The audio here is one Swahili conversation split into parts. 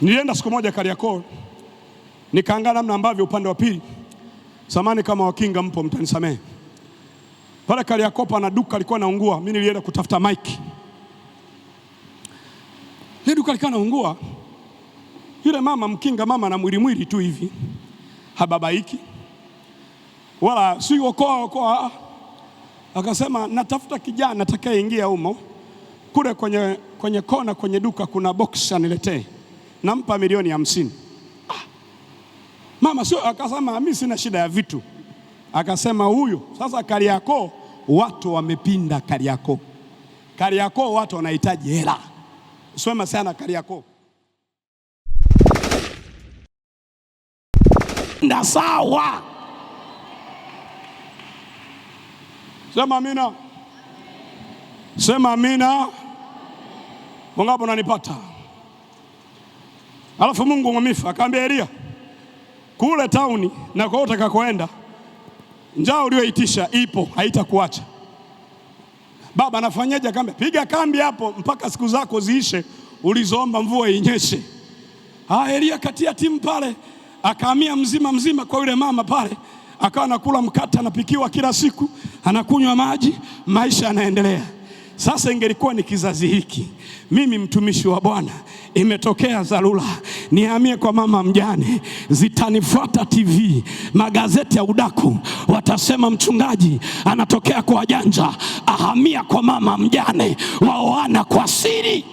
Nilienda siku moja Kariakoo, nikaangaa namna ambavyo upande wa pili, samani kama Wakinga mpo mtanisamehe, pale Kariakoo pana duka lilikuwa naungua, mimi nilienda kutafuta mike, ile duka likawa naungua, yule mama Mkinga, mama na mwili mwili tu hivi, hababaiki wala si okoa okoa, akasema natafuta kijana atakayeingia humo kule kwenye, kwenye kona kwenye duka kuna box aniletee nampa milioni hamsini. mama sio, akasema mimi sina shida ya vitu. Akasema huyo sasa, Kariakoo watu wamepinda Kariakoo. Kariakoo watu wanahitaji hela, sema sana Kariakoo na sawa, sema amina, sema amina. Wangapi unanipata? Alafu Mungu mwamifu akamwambia Elia, kule tauni na kwa utakakoenda njaa uliyoitisha ipo, haitakuacha baba. Anafanyaje? Akamwambia piga kambi hapo mpaka siku zako ziishe ulizoomba mvua inyeshe. Ah, Elia katia timu pale, akahamia mzima mzima kwa yule mama pale, akawa anakula mkate, anapikiwa kila siku, anakunywa maji, maisha yanaendelea. Sasa ingelikuwa ni kizazi hiki, mimi mtumishi wa Bwana, imetokea dharura, nihamie kwa mama mjane, zitanifuata TV, magazeti ya udaku, watasema mchungaji anatokea kwa wajanja, ahamia kwa mama mjane, waoana kwa siri.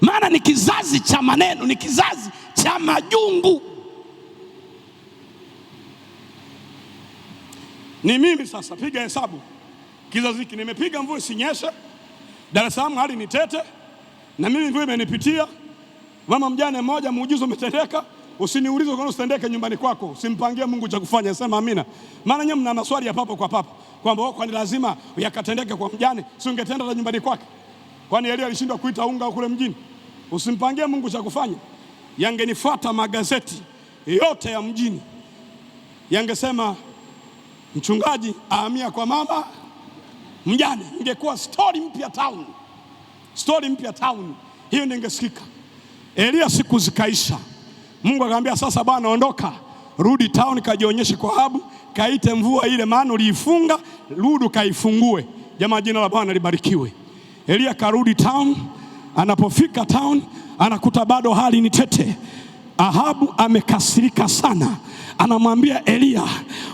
Maana ni kizazi cha maneno, ni kizazi cha majungu. Ni mimi sasa, piga hesabu kizazi hiki. Nimepiga mvua isinyeshe, Dar es Salaam hali ni tete, na mimi mvua imenipitia. Mama mjane mmoja, muujizo umetendeka. Usiniulize kwa nini usitendeke nyumbani kwako, simpangie Mungu cha kufanya, sema amina. Maana nyinyi mna maswali ya papo kwa papo kwamba oh, kwani lazima yakatendeke kwa mjane, si ungetenda hata nyumbani kwake? Kwani Elia alishindwa kuita unga kule mjini? Usimpangie Mungu cha kufanya. Yangenifuata magazeti yote ya mjini yangesema mchungaji ahamia kwa mama Mjane, ingekuwa stori mpya town, stori mpya town hiyo ningesikika. Elia siku zikaisha, Mungu akamwambia sasa, bwana ondoka, rudi town, kajionyeshe kwa Ahabu, kaite mvua ile, maana uliifunga, rudi kaifungue. Jamaa, jina la Bwana libarikiwe. Elia karudi town. Anapofika town anakuta bado hali ni tete. Ahabu amekasirika sana anamwambia Eliya,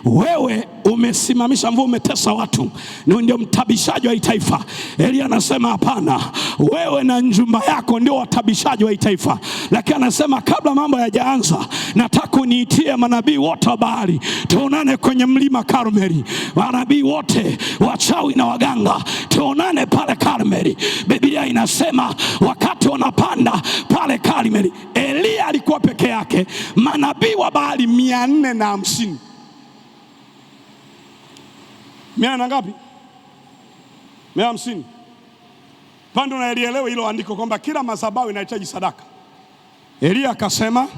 wewe umesimamisha mvua, umetesa watu, ni ndio mtabishaji wa taifa. Eliya anasema hapana, wewe na njumba yako ndio watabishaji wa taifa. Lakini anasema kabla mambo yajaanza, nataka uniitie manabii wote wa Baali, tuonane kwenye mlima Karmeli, manabii wote wachawi na waganga, tuonane pale Karmeli. Biblia inasema wakati wanapanda pale Karmeli, Eliya alikuwa peke yake, manabii wa Baali mia nne na hamsini. Mia na ngapi? Mia hamsini. Pando na elielewe hilo andiko kwamba kila madhabahu inahitaji sadaka. Elia akasema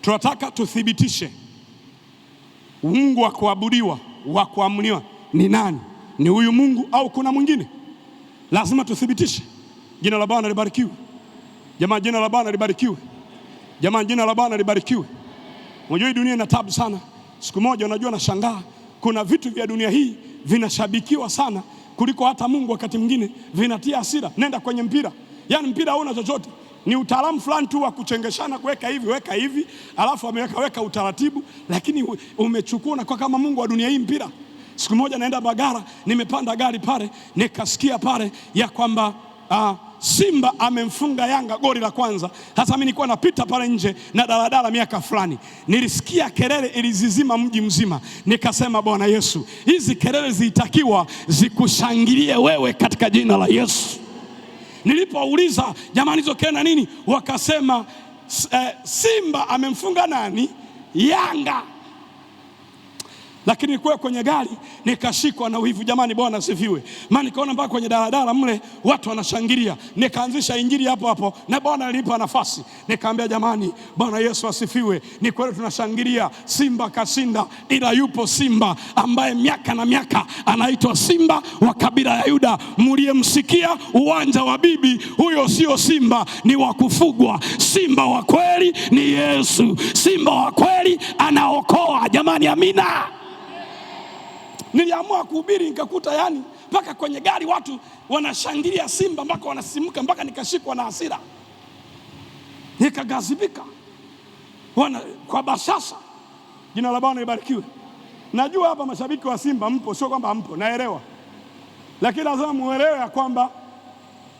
tunataka tuthibitishe Mungu wa kuabudiwa wa kuamliwa ni nani? Ni huyu Mungu au kuna mwingine? Lazima tuthibitishe. Jina la Bwana libarikiwe. Jamaa, jina la Bwana libarikiwe. Jamaa, jina la Bwana libarikiwe. Unajua hii dunia ina tabu sana. Siku moja, unajua nashangaa, kuna vitu vya dunia hii vinashabikiwa sana kuliko hata Mungu, wakati mwingine vinatia hasira. Nenda kwenye mpira, yaani mpira hauna chochote, ni utaalamu fulani tu wa kuchengeshana, kuweka hivi weka hivi, alafu ameweka weka utaratibu, lakini umechukua na kwa kama Mungu wa dunia hii mpira. Siku moja naenda Bagara, nimepanda gari pale, nikasikia pale ya kwamba uh, Simba amemfunga Yanga goli la kwanza. Sasa mimi nilikuwa napita pale nje na daladala miaka fulani, nilisikia kelele ilizizima mji mzima, nikasema Bwana Yesu, hizi kelele zilitakiwa zikushangilie wewe katika jina la Yesu. Nilipouliza jamani, hizo kelele na nini, wakasema eh, Simba amemfunga nani? Yanga lakini nilikuwa kwenye gari nikashikwa na wivu. Jamani, Bwana asifiwe! Maana nikaona mpaka kwenye daladala mle watu wanashangilia, nikaanzisha injili hapo hapo na Bwana alinipa nafasi, nikaambia jamani, Bwana Yesu asifiwe. Ni kweli tunashangilia Simba kashinda, ila yupo Simba ambaye miaka na miaka anaitwa Simba wa kabila ya Yuda. Mliyemsikia uwanja wa bibi, huyo sio Simba, ni wa kufugwa. Simba wa kweli ni Yesu. Simba wa kweli anaokoa. Jamani, amina. Niliamua kuhubiri nikakuta, yani mpaka kwenye gari watu wanashangilia Simba mpaka wanasimka, mpaka nikashikwa na hasira, nikagazibika wana kwa bashasha. Jina la Bwana ibarikiwe Najua hapa mashabiki wa Simba mpo, sio kwamba mpo, naelewa, lakini lazima muelewe ya kwamba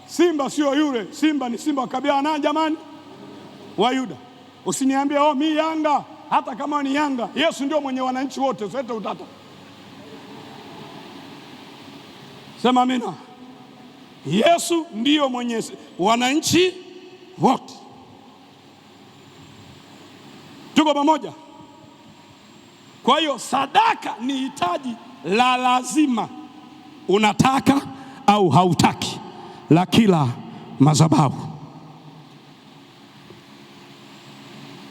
Simba sio yule Simba, ni Simba wakabila na jamani wa Yuda. Usiniambie oh, mi Yanga. Hata kama ni Yanga, Yesu ndio mwenye wananchi wote, usilete utata. Sema amina. Yesu ndiyo mwenye wananchi wote tuko pamoja. Kwa hiyo sadaka ni hitaji la lazima, unataka au hautaki, la kila madhabahu.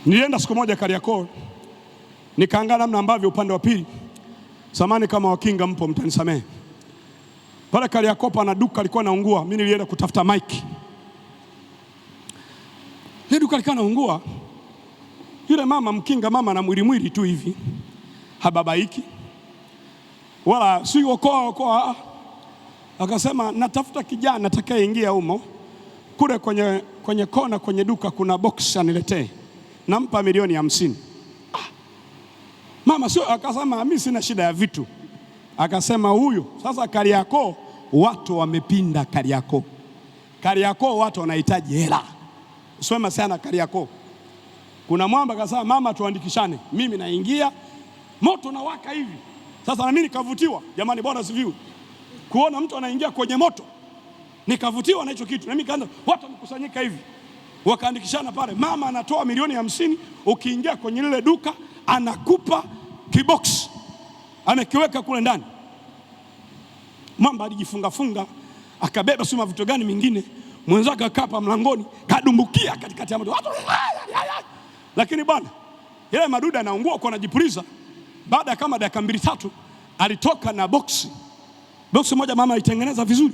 Nilienda siku moja Kariakoo, nikaangaa namna ambavyo upande wa pili, samani kama Wakinga mpo mtanisamehe pale Kariakoo pana duka lilikuwa naungua, mi nilienda kutafuta mike. Ile duka na naungua, yule mama mkinga, mama na mwili mwili tu hivi, hababaiki wala si okoa okoa, akasema natafuta kijana atakayeingia humo kule kwenye, kwenye kona kwenye duka kuna box aniletee, nampa milioni hamsini. Ah, mama sio, akasema mi sina shida ya vitu Akasema huyu sasa, Kariakoo watu wamepinda Kariakoo. Kariakoo watu wanahitaji hela, uswema sana Kariakoo. Kuna mwamba akasema, mama, tuandikishane, mimi naingia, moto nawaka hivi sasa. Na mimi nikavutiwa, jamani, bwana siviu, kuona mtu anaingia kwenye moto, nikavutiwa na hicho kitu, na mimi kaanza, watu wamekusanyika hivi, wakaandikishana pale, mama anatoa milioni hamsini, ukiingia kwenye lile duka anakupa kiboksi amekiweka kule ndani. Mwamba alijifungafunga akabeba sio mavuto gani mingine, mwenzake akapa mlangoni, kadumbukia katikati ya moto, lakini bwana, ile maduda anaungua kwa anajipuliza. Baada ya kama dakika mbili tatu, alitoka na boksi boksi moja, mama alitengeneza vizuri.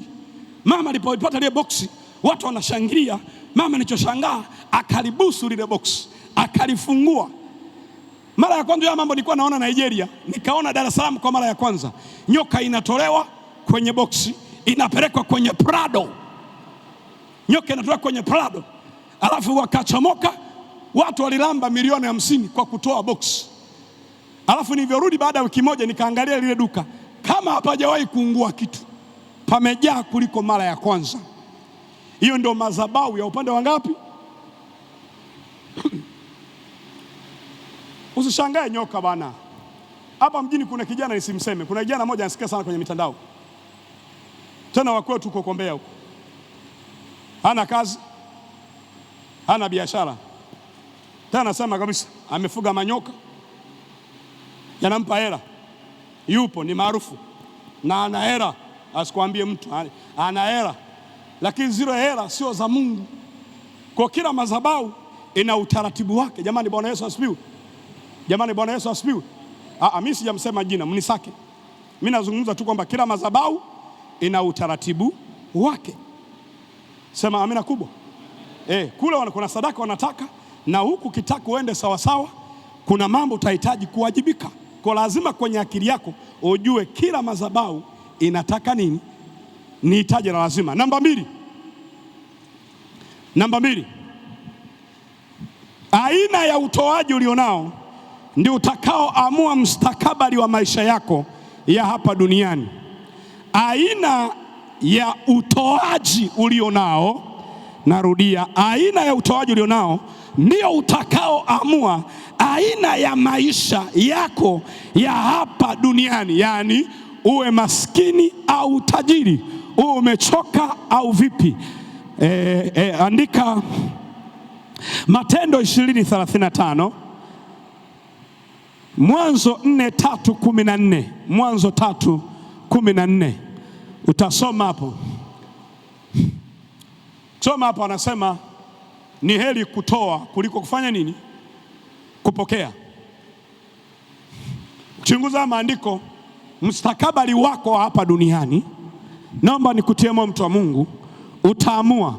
Mama alipoipata ile boksi, watu wanashangilia. Mama, nilichoshangaa akalibusu lile boksi, akalifungua mara ya kwanza ya mambo nilikuwa naona Nigeria, nikaona Dar es Salaam kwa mara ya kwanza, nyoka inatolewa kwenye boksi inapelekwa kwenye prado, nyoka inatolewa kwenye prado, alafu wakachomoka watu walilamba milioni hamsini kwa kutoa boksi. Alafu nilivyorudi baada ya wiki moja, nikaangalia lile duka kama hapajawahi kuungua kitu, pamejaa kuliko mara ya kwanza. Hiyo ndio madhabahu ya upande wa ngapi? Usishangae nyoka bana. Hapa mjini kuna kijana nisimseme, kuna kijana mmoja anasikia sana kwenye mitandao, tena wakwetu huko Kombea huko, hana kazi, hana biashara, tena anasema kabisa amefuga manyoka yanampa hela, yupo ni maarufu na ana hela, asikwambie mtu, ana hela, lakini zile hela sio za Mungu. Kwa kila madhabahu ina utaratibu wake. Jamani, Bwana Yesu asifiwe. Jamani, Bwana Yesu asifiwe. Ah, ah, mimi sijamsema jina, mnisake. Mimi nazungumza tu kwamba kila madhabahu ina utaratibu wake. Sema amina kubwa. Eh, kule kuna sadaka wanataka, na huku kitaka uende sawasawa, kuna mambo utahitaji kuwajibika kwa lazima kwenye akili yako ujue kila madhabahu inataka nini, nihitaji na lazima. Namba mbili, namba mbili, aina ya utoaji ulionao ndio utakaoamua mustakabali wa maisha yako ya hapa duniani. Aina ya utoaji ulio nao, narudia, aina ya utoaji ulio nao ndio utakaoamua aina ya maisha yako ya hapa duniani, yaani uwe maskini au tajiri, uwe umechoka au vipi. E, e, andika Matendo 20:35. Mwanzo nne tatu kumi na nne Mwanzo tatu kumi na nne utasoma hapo, soma hapo. Anasema ni heri kutoa kuliko kufanya nini? Kupokea. Chunguza maandiko, mstakabali wako hapa duniani. Naomba nikutie moyo, mtu wa Mungu, utaamua.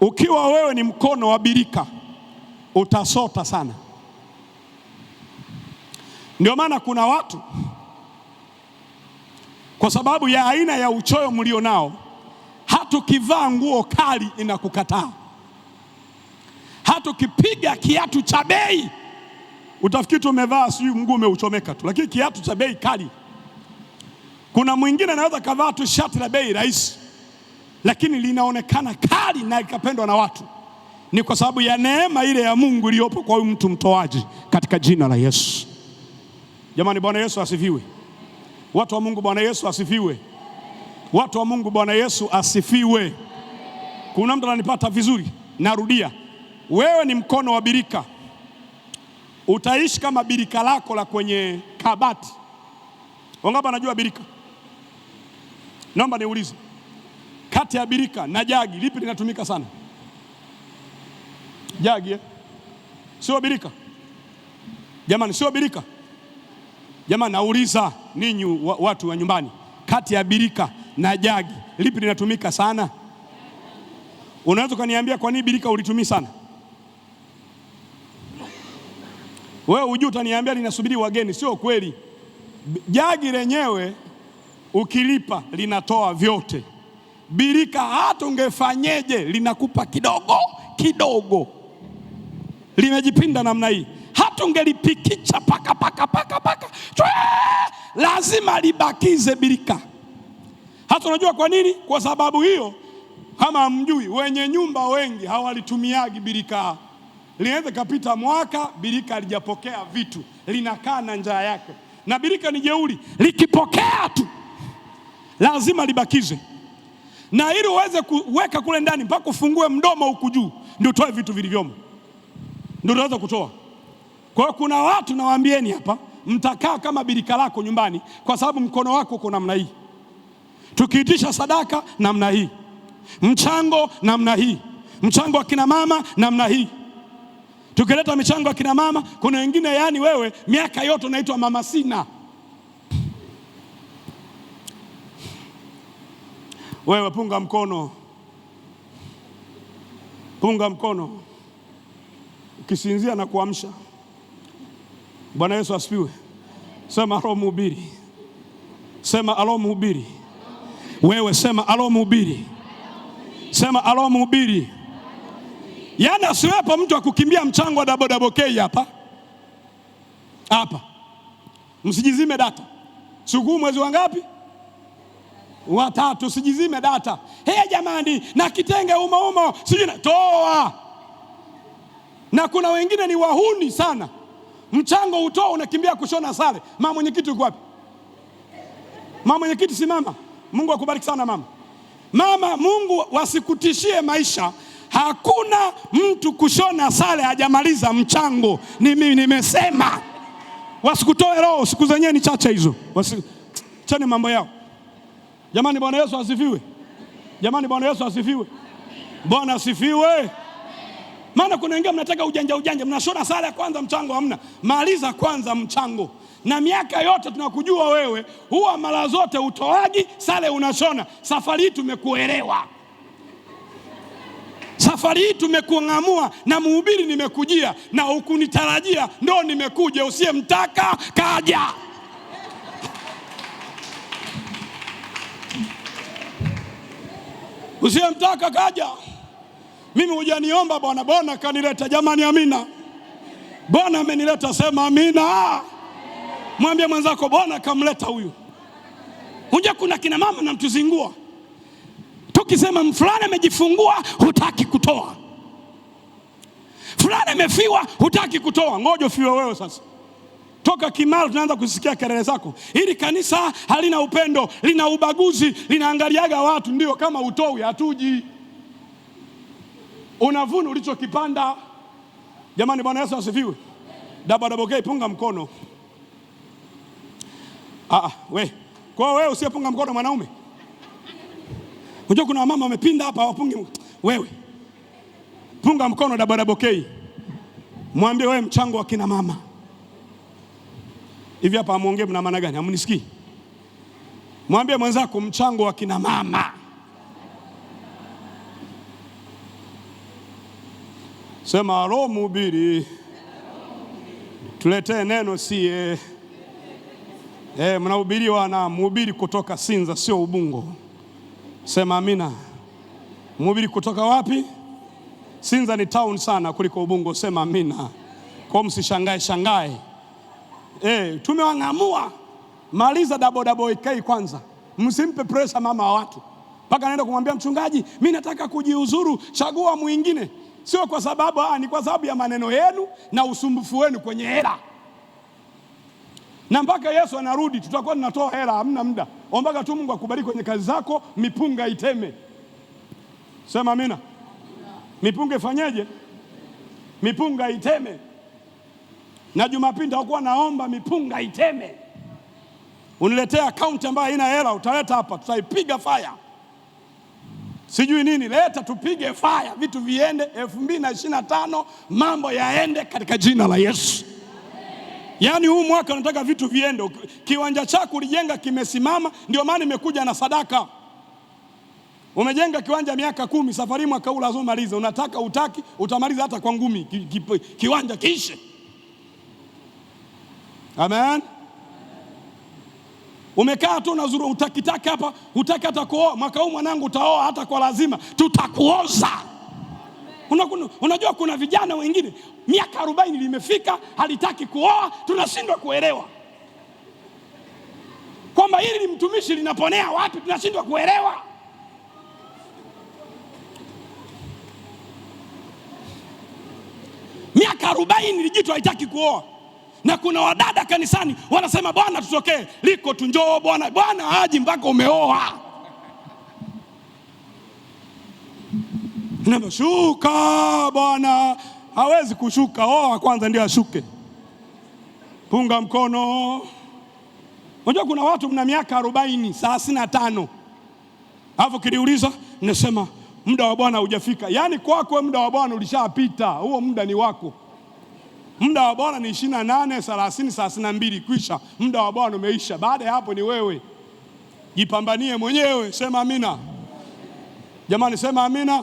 Ukiwa wewe ni mkono wa birika, utasota sana. Ndio maana kuna watu kwa sababu ya aina ya uchoyo mlio nao, hata nguo kali inakukataa, hata ukipiga kiatu cha bei utafikiri tumevaa umevaa sijui mguu umeuchomeka tu, lakini kiatu cha bei kali. Kuna mwingine anaweza kavaa tu shati la bei rahisi, lakini linaonekana kali na ikapendwa na watu. Ni kwa sababu ya neema ile ya Mungu iliyopo kwa huyu mtu mtoaji, katika jina la Yesu. Jamani, Bwana Yesu asifiwe. Watu wa Mungu, Bwana Yesu asifiwe. Watu wa Mungu, Bwana Yesu asifiwe. Kuna mtu ananipata vizuri? Narudia, wewe ni mkono wa birika, utaishi kama birika lako la kwenye kabati. Wangapi anajua birika? Naomba niulize, kati ya birika na jagi lipi linatumika sana? Jagi eh? Sio birika jamani, sio birika Jamaa, nauliza ninyi watu wa nyumbani, kati ya birika na jagi lipi linatumika sana? Unaweza ukaniambia kwa nini birika ulitumii sana? Wewe hujui, utaniambia linasubiri wageni. Sio kweli. Jagi lenyewe ukilipa linatoa vyote. Birika hata ungefanyeje linakupa kidogo kidogo, limejipinda namna hii hata ungelipikicha paka paka paka paka Chwe! lazima libakize birika. Hata unajua kwa nini? Kwa sababu hiyo, kama hamjui, wenye nyumba wengi hawalitumiagi birika. Linaweza kapita mwaka birika alijapokea vitu, linakaa na njaa yake. Na birika ni jeuri, likipokea tu lazima libakize, na ili uweze kuweka kule ndani mpaka ufungue mdomo huku juu ndio utoe vitu vilivyomo, ndio unaweza kutoa. Kwa hiyo kuna watu nawaambieni hapa, mtakaa kama birika lako nyumbani, kwa sababu mkono wako uko namna hii, tukiitisha sadaka namna hii, mchango namna hii, mchango wa kina mama namna hii, tukileta michango ya kina mama. Kuna wengine yaani, wewe miaka yote unaitwa mama sina Wewe punga mkono, punga mkono, ukisinzia na kuamsha. Bwana Yesu asifiwe. Sema alo mhubiri, sema alo mhubiri, wewe sema alo mhubiri, sema alo mhubiri. Yaani asiwepo mtu wa kukimbia mchango wa double K hapa hapa. Msijizime data sikuu, mwezi wa ngapi? Watatu. Sijizime data. He jamani, na kitenge umoumo sijui toa. Na kuna wengine ni wahuni sana mchango utoa, unakimbia kushona sare. Mama mwenyekiti uko wapi? Mama mwenyekiti simama. Mungu akubariki sana mama. Mama, Mungu wasikutishie maisha. Hakuna mtu kushona sare hajamaliza mchango. Ni mimi nimesema, wasikutoe roho. Siku zenyewe ni chache hizo, cheni mambo yao. Jamani, Bwana Yesu asifiwe! Jamani, Bwana Yesu asifiwe! Bwana asifiwe! Maana kuna wengine mnataka ujanja ujanja, mnashona sala ya kwanza, mchango hamna. Maliza kwanza mchango. Na miaka yote tunakujua wewe, huwa mara zote utoaji sare unashona. Safari hii tumekuelewa, safari hii tumekung'amua, na mhubiri nimekujia na ukunitarajia, ndo nimekuja. Usiyemtaka kaja usiyemtaka kaja. Mimi hujaniomba bwana, Bwana kanileta. Jamani, amina. Bwana amenileta, sema amina. Mwambie mwenzako, Bwana kamleta huyu. Unja, kuna kina mama namtuzingua, tukisema fulani amejifungua, hutaki kutoa, fulani amefiwa, hutaki kutoa. Ngoja ufiwe wewe sasa. Toka kimara tunaanza kusikia kelele zako. Hili kanisa halina upendo, lina ubaguzi, linaangaliaga watu, ndio kama utowi hatuji unavuna ulichokipanda. Jamani, Bwana Yesu asifiwe. Dabadabokei, punga mkono. Ah, ah we kwa wewe usiyepunga mkono mwanaume, unajua kuna wamama wamepinda hapa hawapungi. Wewe punga mkono dabadabokei, mwambie wewe mchango wa kina mama hivi hapa amwongee, mna maana gani? Amnisikii? Mwambie mwenzako mchango wa kina mama Sema aro mhubiri tuletee neno sie. E, eh, mnahubiriwa na mhubiri kutoka Sinza, sio Ubungo. Sema amina. Mhubiri kutoka wapi? Sinza ni town sana kuliko Ubungo. Sema amina. Kwa msishangae shangae. E, tumewang'amua. Maliza dabo dabo ek kwanza, msimpe pressure mama wa watu mpaka naenda kumwambia mchungaji, mi nataka kujiuzuru, chagua mwingine sio kwa sababu aa, ah, ni kwa sababu ya maneno yenu na usumbufu wenu kwenye hela. Na mpaka Yesu anarudi tutakuwa tunatoa hela, hamna muda. Ombaka tu Mungu akubariki kwenye kazi zako, mipunga iteme. Sema amina. Mipunga ifanyeje? Mipunga iteme. Na Jumapili nitakuwa naomba mipunga iteme. Uniletea akaunti ambayo haina hela, utaleta hapa, tutaipiga faya sijui nini, leta tupige faya, vitu viende. elfu mbili na ishirini na tano mambo yaende katika jina la Yesu. Yaani huu mwaka unataka vitu viende, kiwanja chako ulijenga kimesimama. Ndio maana imekuja na sadaka. Umejenga kiwanja miaka kumi, safari mwaka huu lazima malize. Unataka utaki, utamaliza hata kwa ngumi ki, ki, kiwanja kiishe. Amen. Umekaa tu unazuru, utakitaka hapa, hutaki hata kuoa. Mwaka huu mwanangu, utaoa hata kwa lazima, tutakuoza. Unakunu, unajua kuna vijana wengine miaka arobaini limefika halitaki kuoa, tunashindwa kuelewa kwamba hili mtumishi linaponea wapi, tunashindwa kuelewa. Miaka arobaini lijitu haitaki kuoa na kuna wadada kanisani wanasema bwana tutokee liko tunjoo bwana. Bwana haji mpaka umeoa. Shuka bwana, hawezi kushuka. Oa kwanza ndio ashuke, punga mkono. Unajua kuna watu mna miaka arobaini thelathini na tano alafu kiliuliza nasema muda wa bwana hujafika. Yaani kwako muda wa bwana ulishapita, huo muda ni wako. Muda wa Bwana ni ishirini na nane thelathini thelathini na mbili kwisha, muda wa Bwana umeisha. Baada ya hapo ni wewe jipambanie mwenyewe. Sema amina, jamani, sema amina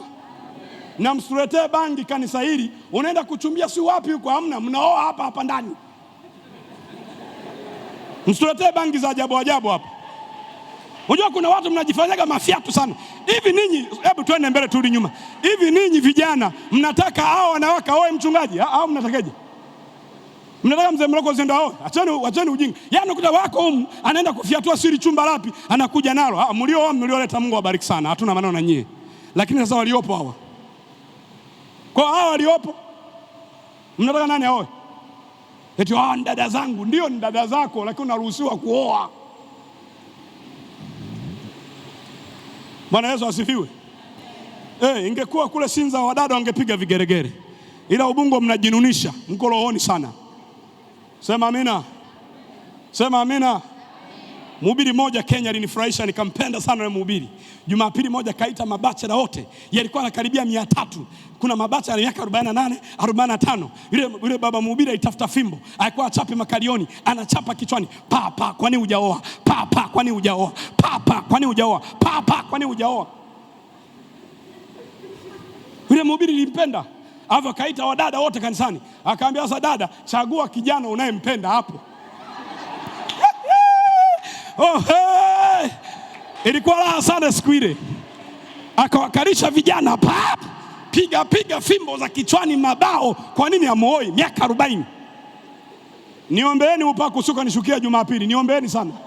na msuletee bangi kanisa hili. Unaenda kuchumbia si wapi huko, hamna, mnaoa hapa hapa ndani. Msuletee bangi za ajabu ajabu hapa. Unajua kuna watu mnajifanyaga mafiatu sana hivi ninyi. Hebu twende mbele, turudi nyuma. Hivi ninyi vijana mnataka hao wanawake aoe mchungaji au mnatakaje? Mnaelewa mzee Mlokozi ndio aone. Acheni acheni ujinga. Yeye anakuja wako huko anaenda kufiatua siri chumba lapi anakuja nalo. Ah, mlio wao mlioleta Mungu awabariki sana. Hatuna maneno na nyie. Lakini sasa waliopo hawa. Kwa hawa waliopo mnataka nani aoe? Eti ah, dada zangu ndio ni dada zako lakini unaruhusiwa kuoa. Bwana Yesu asifiwe. Eh, ingekuwa kule Sinza wadada wangepiga vigeregere. Ila Ubungo mnajinunisha, mko rohoni sana. Sema amina, sema amina. Mhubiri mmoja Kenya alinifurahisha nikampenda sana yule mhubiri. Jumapili moja kaita mabachela wote. Yalikuwa anakaribia mia tatu. Kuna mabacha ya miaka 48, 45. Yule yule baba mhubiri alitafuta fimbo. Alikuwa achape makalioni, anachapa kichwani. papa, kwani hujaoa? Papa, kwani hujaoa? Papa, kwani hujaoa? Papa, kwani hujaoa? Yule mhubiri nilimpenda. Hapo akaita wadada wote kanisani, akaambia sasa, dada, chagua kijana unayempenda hapo. Oh, hey! Ilikuwa raha sana siku ile, akawakalisha vijana pap, piga piga fimbo za kichwani, mabao. Kwa nini amuoi? Miaka arobaini. Niombeeni upako kusuka nishukia Jumapili, niombeeni sana.